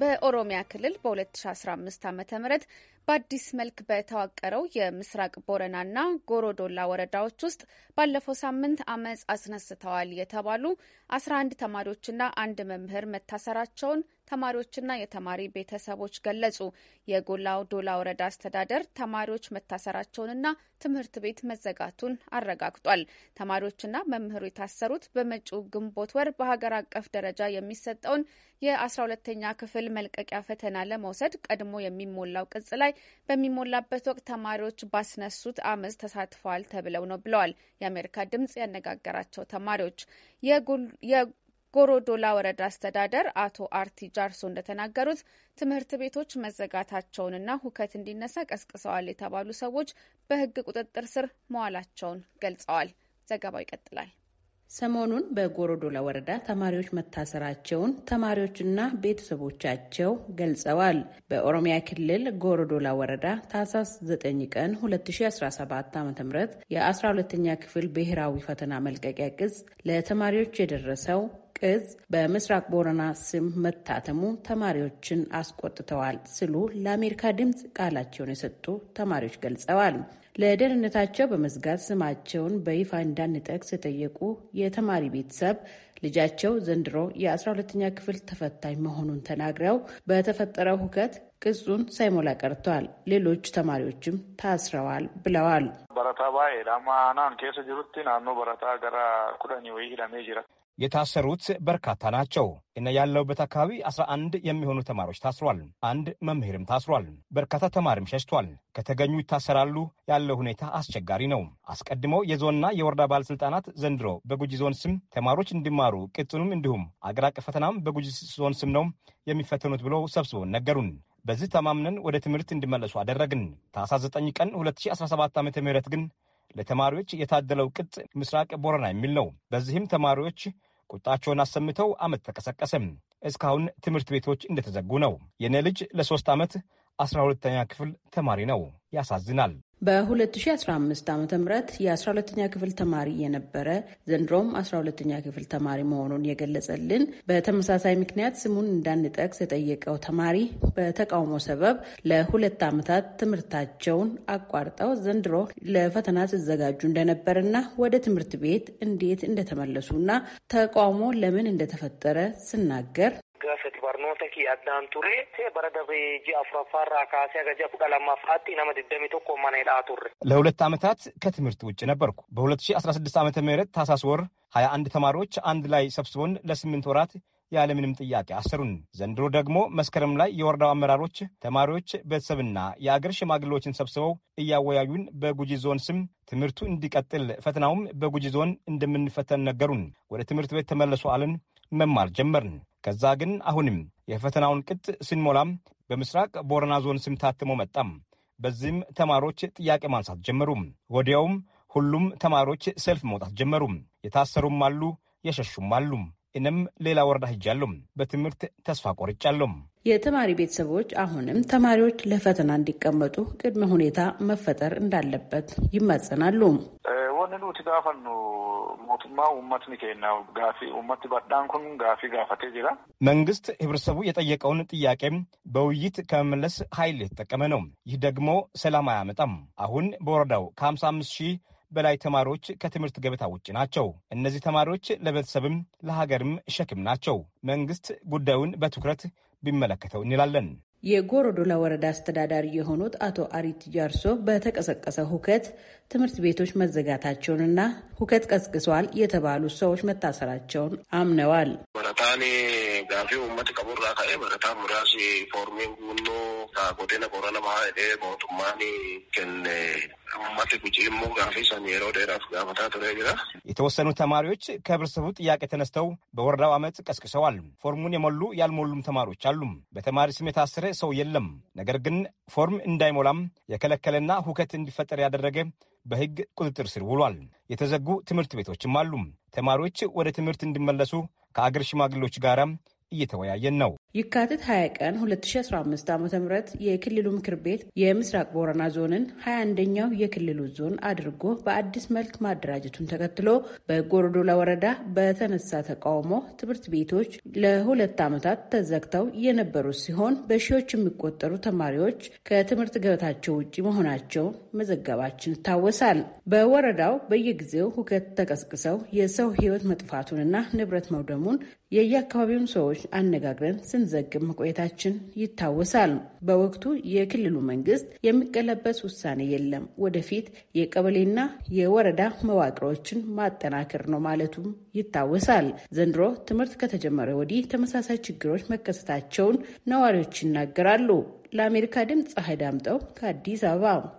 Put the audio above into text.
በኦሮሚያ ክልል በ2015 ዓ ም በአዲስ መልክ በተዋቀረው የምስራቅ ቦረናና ጎሮዶላ ወረዳዎች ውስጥ ባለፈው ሳምንት አመፅ አስነስተዋል የተባሉ 11 ተማሪዎችና አንድ መምህር መታሰራቸውን ተማሪዎችና የተማሪ ቤተሰቦች ገለጹ። የጎላው ዶላ ወረዳ አስተዳደር ተማሪዎች መታሰራቸውንና ትምህርት ቤት መዘጋቱን አረጋግጧል። ተማሪዎችና መምህሩ የታሰሩት በመጪው ግንቦት ወር በሀገር አቀፍ ደረጃ የሚሰጠውን የ12ተኛ ክፍል መልቀቂያ ፈተና ለመውሰድ ቀድሞ የሚሞላው ቅጽ ላይ በሚሞላበት ወቅት ተማሪዎች ባስነሱት አመፅ ተሳትፈዋል ተብለው ነው ብለዋል። የአሜሪካ ድምጽ ያነጋገራቸው ተማሪዎች ጎሮዶላ ወረዳ አስተዳደር አቶ አርቲ ጃርሶ እንደተናገሩት ትምህርት ቤቶች መዘጋታቸውንና ሁከት እንዲነሳ ቀስቅሰዋል የተባሉ ሰዎች በህግ ቁጥጥር ስር መዋላቸውን ገልጸዋል። ዘገባው ይቀጥላል። ሰሞኑን በጎሮዶላ ወረዳ ተማሪዎች መታሰራቸውን ተማሪዎችና ቤተሰቦቻቸው ገልጸዋል። በኦሮሚያ ክልል ጎሮዶላ ወረዳ ታህሳስ 9 ቀን 2017 ዓ ም የ12ኛ ክፍል ብሔራዊ ፈተና መልቀቂያ ቅጽ ለተማሪዎች የደረሰው ቅጽ በምስራቅ ቦረና ስም መታተሙ ተማሪዎችን አስቆጥተዋል ሲሉ ለአሜሪካ ድምፅ ቃላቸውን የሰጡ ተማሪዎች ገልጸዋል። ለደህንነታቸው በመዝጋት ስማቸውን በይፋ እንዳንጠቅስ የጠየቁ የተማሪ ቤተሰብ ልጃቸው ዘንድሮ የ12ኛ ክፍል ተፈታኝ መሆኑን ተናግረው በተፈጠረው ሁከት ቅጹን ሳይሞላ ቀርቷል፣ ሌሎች ተማሪዎችም ታስረዋል ብለዋል። በረታ ባኤ ዳማ ናን ኬስ ጅሩቲ ናኖ በረታ ገራ ኩዳኒ ወይ ሂዳሜ ጅረት የታሰሩት በርካታ ናቸው። እና ያለውበት አካባቢ 11 የሚሆኑ ተማሪዎች ታስሯል። አንድ መምህርም ታስሯል። በርካታ ተማሪም ሸሽቷል። ከተገኙ ይታሰራሉ። ያለው ሁኔታ አስቸጋሪ ነው። አስቀድሞ የዞንና የወረዳ ባለስልጣናት ዘንድሮ በጉጂ ዞን ስም ተማሪዎች እንዲማሩ ቅጥኑም፣ እንዲሁም አገር አቀፍ ፈተናም በጉጂ ዞን ስም ነው የሚፈተኑት ብለው ሰብስበውን ነገሩን። በዚህ ተማምነን ወደ ትምህርት እንዲመለሱ አደረግን። ታኅሳስ 9 ቀን 2017 ዓ ም ግን ለተማሪዎች የታደለው ቅጥ ምስራቅ ቦረና የሚል ነው። በዚህም ተማሪዎች ቁጣቸውን አሰምተው አመት ተቀሰቀሰም። እስካሁን ትምህርት ቤቶች እንደተዘጉ ነው። የኔ ልጅ ለሶስት ዓመት አስራ ሁለተኛ ክፍል ተማሪ ነው። ያሳዝናል። በ2015 ዓ ም የ12ኛ ክፍል ተማሪ የነበረ ዘንድሮም 12ኛ ክፍል ተማሪ መሆኑን የገለጸልን በተመሳሳይ ምክንያት ስሙን እንዳንጠቅስ የጠየቀው ተማሪ በተቃውሞ ሰበብ ለሁለት ዓመታት ትምህርታቸውን አቋርጠው ዘንድሮ ለፈተና ሲዘጋጁ እንደነበረና ወደ ትምህርት ቤት እንዴት እንደተመለሱና ተቃውሞ ለምን እንደተፈጠረ ስናገር Gaafet barnoota addaan ture bara darbe ji'a afuraffaarraa kaasee aga ji'a kudha lammaffaatti nama digdami tokko mana hidhaa turre። ለሁለት ዓመታት ከትምህርት ውጭ ነበርኩ። በ2016 ዓ ም ታህሳስ ወር 21 ተማሪዎች አንድ ላይ ሰብስቦን ለስምንት ወራት ያለምንም ጥያቄ አሰሩን። ዘንድሮ ደግሞ መስከረም ላይ የወረዳው አመራሮች፣ ተማሪዎች፣ ቤተሰብና የአገር ሽማግሌዎችን ሰብስበው እያወያዩን በጉጂ ዞን ስም ትምህርቱ እንዲቀጥል ፈተናውም በጉጂ ዞን እንደምንፈተን ነገሩን። ወደ ትምህርት ቤት ተመለሱ አለን። መማር ጀመርን። ከዛ ግን አሁንም የፈተናውን ቅጥ ስንሞላም በምስራቅ ቦረና ዞን ስም ታትሞ መጣም። በዚህም ተማሪዎች ጥያቄ ማንሳት ጀመሩም። ወዲያውም ሁሉም ተማሪዎች ሰልፍ መውጣት ጀመሩም። የታሰሩም አሉ፣ የሸሹም አሉ። እኔም ሌላ ወረዳ ሂጃለሁ። በትምህርት ተስፋ ቆርጫለሁ። የተማሪ ቤተሰቦች አሁንም ተማሪዎች ለፈተና እንዲቀመጡ ቅድመ ሁኔታ መፈጠር እንዳለበት ይማጸናሉ። ወንኑ ትጋፈን ሞቱማ ውመት ኒኬና ጋፊ ኡመት በዳንኩን ጋፊ ጋፈቴ ጅራ መንግስት ህብረተሰቡ የጠየቀውን ጥያቄ በውይይት ከመመለስ ኃይል የተጠቀመ ነው። ይህ ደግሞ ሰላም አያመጣም። አሁን በወረዳው ከ55 ሺህ በላይ ተማሪዎች ከትምህርት ገበታ ውጭ ናቸው። እነዚህ ተማሪዎች ለቤተሰብም ለሀገርም ሸክም ናቸው። መንግስት ጉዳዩን በትኩረት ቢመለከተው እንላለን። የጎሮዶላ ወረዳ አስተዳዳሪ የሆኑት አቶ አሪት ጃርሶ በተቀሰቀሰ ሁከት ትምህርት ቤቶች መዘጋታቸውንና ሁከት ቀስቅሷል የተባሉ ሰዎች መታሰራቸውን አምነዋል። የተወሰኑ ተማሪዎች ከህብረተሰቡ ጥያቄ ተነስተው በወረዳው ዓመት ቀስቅሰዋል። ፎርሙን የሞሉ ያልሞሉም ተማሪዎች አሉ። በተማሪ ስም የታሰረ ሰው የለም። ነገር ግን ፎርም እንዳይሞላም የከለከለና ሁከት እንዲፈጠር ያደረገ በህግ ቁጥጥር ስር ውሏል። የተዘጉ ትምህርት ቤቶችም አሉ። ተማሪዎች ወደ ትምህርት እንዲመለሱ ከአገር ሽማግሌዎች ጋር እየተወያየን ነው። ይካትት 20 ቀን 2015 ዓ ም የክልሉ ምክር ቤት የምስራቅ ቦረና ዞንን 21ኛው የክልሉ ዞን አድርጎ በአዲስ መልክ ማደራጀቱን ተከትሎ በጎሮዶላ ወረዳ በተነሳ ተቃውሞ ትምህርት ቤቶች ለሁለት ዓመታት ተዘግተው የነበሩ ሲሆን በሺዎች የሚቆጠሩ ተማሪዎች ከትምህርት ገበታቸው ውጭ መሆናቸው መዘገባችን ይታወሳል። በወረዳው በየጊዜው ሁከት ተቀስቅሰው የሰው ሕይወት መጥፋቱንና ንብረት መውደሙን የየአካባቢውን ሰዎች አነጋግረን ስን ስንዘግብ መቆየታችን ይታወሳል። በወቅቱ የክልሉ መንግስት የሚቀለበስ ውሳኔ የለም፣ ወደፊት የቀበሌና የወረዳ መዋቅሮችን ማጠናከር ነው ማለቱም ይታወሳል። ዘንድሮ ትምህርት ከተጀመረ ወዲህ ተመሳሳይ ችግሮች መከሰታቸውን ነዋሪዎች ይናገራሉ። ለአሜሪካ ድምፅ ፀሐይ ዳምጠው ከአዲስ አበባ